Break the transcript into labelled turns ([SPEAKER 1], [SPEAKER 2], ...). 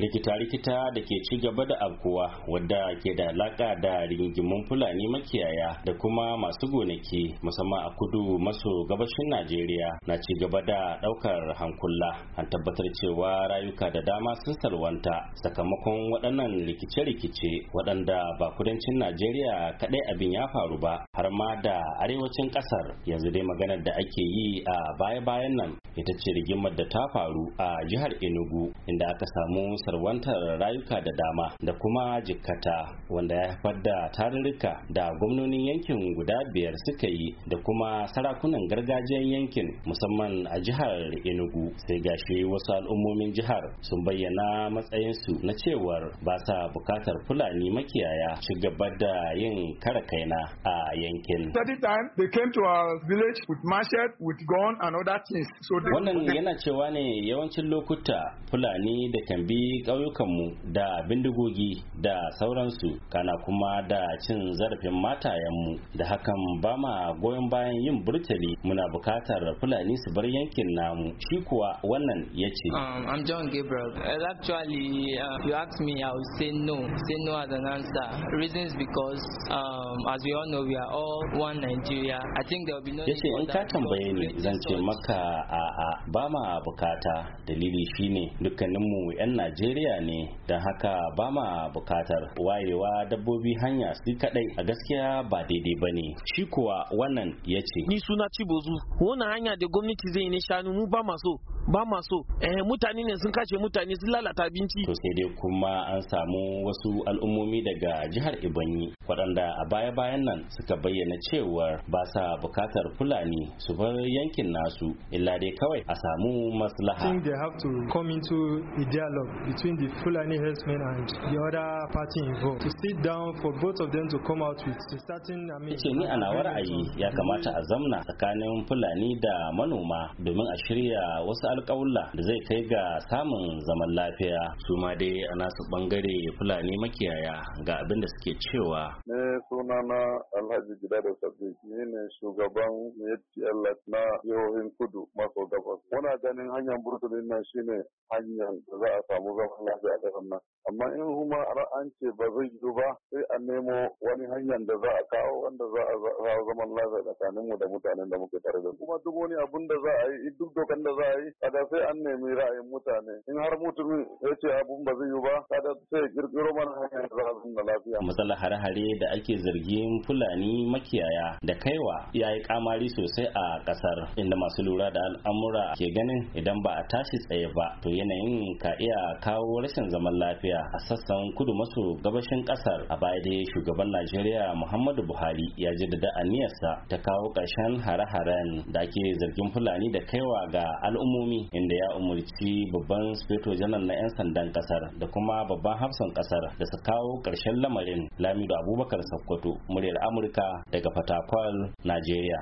[SPEAKER 1] Likita-likita da ke ci gaba da abkuwa wadda ke da alaka da rigingimun fulani makiyaya da kuma masu gonaki musamman a kudu maso gabashin najeriya na ci gaba da ɗaukar hankula an tabbatar cewa rayuka da dama sun salwanta sakamakon waɗannan rikice-rikice waɗanda ba kudancin najeriya kaɗai abin ya faru ba har ma da arewacin ƙasar yanzu dai maganar da ake yi a baya-bayan nan ita ce rigimar da ta faru a jihar enugu inda aka samu wantar rayuka da dama da kuma jikkata wanda ya haifar da tarurruka da gwamnonin yankin guda biyar suka yi da kuma sarakunan gargajiyar yankin musamman a jihar enugu sai gashi wasu al'ummomin jihar sun bayyana matsayinsu na cewar ba sa bukatar fulani makiyaya ci gaba da yin kare kaina a yankin wannan yana cewa ne yawancin lokuta fulani da kan bi kauyukanmu ƙauyukanmu da bindigogi da sauransu kana kuma da cin zarafin matayenmu da hakan ba ma goyon bayan yin burtali muna bukatar fulani su bar yankin namu shi kuwa wannan ya ce um, I'm John Gabriel actually uh, um, yace in ka tambaye ni zan ce maka a'a ba ma bukata dalili shine dukkaninmu 'yan Najeriya najeriya ne don haka ba ma bukatar wayewa dabbobi hanya su kadai a gaskiya ba daidai ba ne shi kuwa wannan ya ce ni suna cibozu wannan hanya da gwamnati zai ne shanu mu ba maso ba ma so eh mutane ne sun kashe mutane sun lalata abinci to sai dai kuma an samu wasu al'ummomi daga jihar Ibanyi waɗanda a baya-bayan nan suka bayyana cewa ba sa bukatar Fulani su bar yankin nasu illa dai kawai a samu maslaha I think they have to come into a dialogue between the Fulani herdsmen and the other party involved to sit down for both of them to come out with starting I mean, ni a nawa ra'ayi ya kamata a zamna tsakanin Fulani da manoma domin a shirya wasu alƙawulla da zai kai ga samun zaman lafiya su ma dai a nasu bangare fulani makiyaya ga abin da suke cewa ne sunana alhaji gida da sabbi ni ne shugaban ypl na Yohin kudu maso gabas muna ganin hanyar burtulin nan shine hanyar da za a samu zaman lafiya a ƙasar amma in kuma an ce ba zai zo ba sai a nemo wani hanyar da za a kawo wanda za a zaman lafiya tsakaninmu da mutanen da muke tare da kuma duk wani abun da za a yi duk dokan da za a yi kada sai an nemi ra'ayin mutane in har mutumin ya ce abun ba zai yi ba kada sai kirkiro mana hanyar da nuna lafiya matsalar hare-hare da ake zargin fulani makiyaya da kaiwa ya yi kamari sosai a kasar inda masu lura da al'amura ke ganin idan ba a tashi tsaye ba to yanayin ka iya kawo rashin zaman lafiya a sassan kudu maso gabashin kasar a baya dai shugaban najeriya muhammadu buhari ya da aniyarsa ta kawo ƙarshen hare-haren da ake zargin fulani da kaiwa ga al'ummomi hukumomi inda ya umarci babban Sufeto janar na 'yan sandan kasar da kuma babban hafsan kasar da su kawo ƙarshen lamarin lamido abubakar Sokoto, muryar amurka daga fatakwal najeriya